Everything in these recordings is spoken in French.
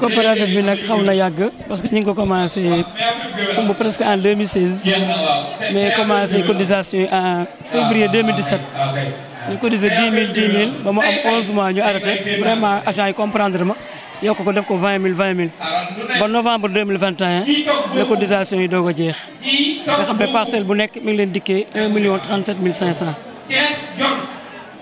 coopérative bi nag xaw na yàgg parce que ñu ngi commencé presque en 2016 mais commencé cotisation en février 2017 ñu cotisé 10 000 10 000 ba am 11 mois ñu arrêté vraiment agent yi comprendre ma yokk ko def ko 20 000 20 000 En novembre 2021 la cotisation yi doog a jeex nga xam ne parcelle bu nekk mi ngi 1 million 37 500.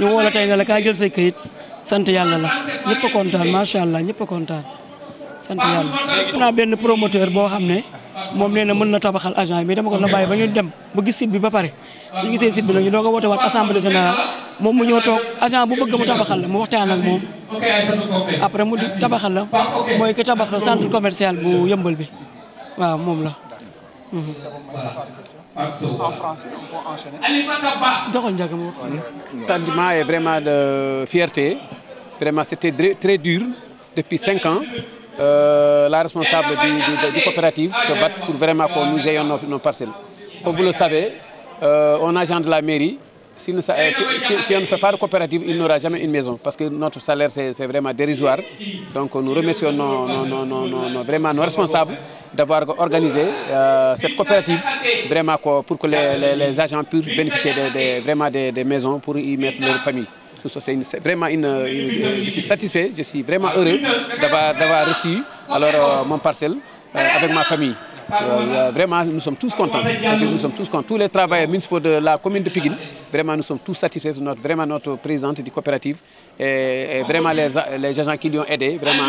ñu woo la tey ne la kaa jël say kayit sant yàlla la ñëpp a kontaan macha allah ñëpp a kontaan sant yàlla. am benn promoteur boo xam ne moom nee na mën na tabaxal agent yi mais ko na bàyyi ba ñu dem ba gis site bi ba pare gisee site bi nag ñu doog a woote waat assemblée générale moom mu ñëw toog agent bu bëgg mu tabaxal la mu waxtaan ak moom après mu di tabaxal la mooy ki tabax centre commercial bu yëmbal bi waaw moom la. Bah, en français, on peut enchaîner. Le sentiment est vraiment de fierté. Vraiment, c'était très dur depuis cinq ans. Euh, la responsable du, coopératif coopérative se bat pour vraiment qu'on nous ayons nos, parcelles. Comme vous le savez, euh, on agent de la mairie, euh, si, on ne fait pas de coopérative, il n'aura jamais une maison parce que notre salaire, c'est vraiment dérisoire. Donc nous remercions nos, vraiment nos responsables d'avoir organisé euh, cette coopérative vraiment pour que les, agents puissent bénéficier vraiment des, maisons pour y mettre leur famille. C'est vraiment je suis satisfait, je suis vraiment heureux d'avoir reçu alors, euh, mon parcelle avec ma famille vraiment, nous sommes tous contents. nous sommes tous contents. Tous les travailleurs municipaux de la commune de Piguin. vraiment, nous sommes tous satisfaits de notre, vraiment notre présidente du coopérative et, vraiment les, les agents qui lui ont aidé vraiment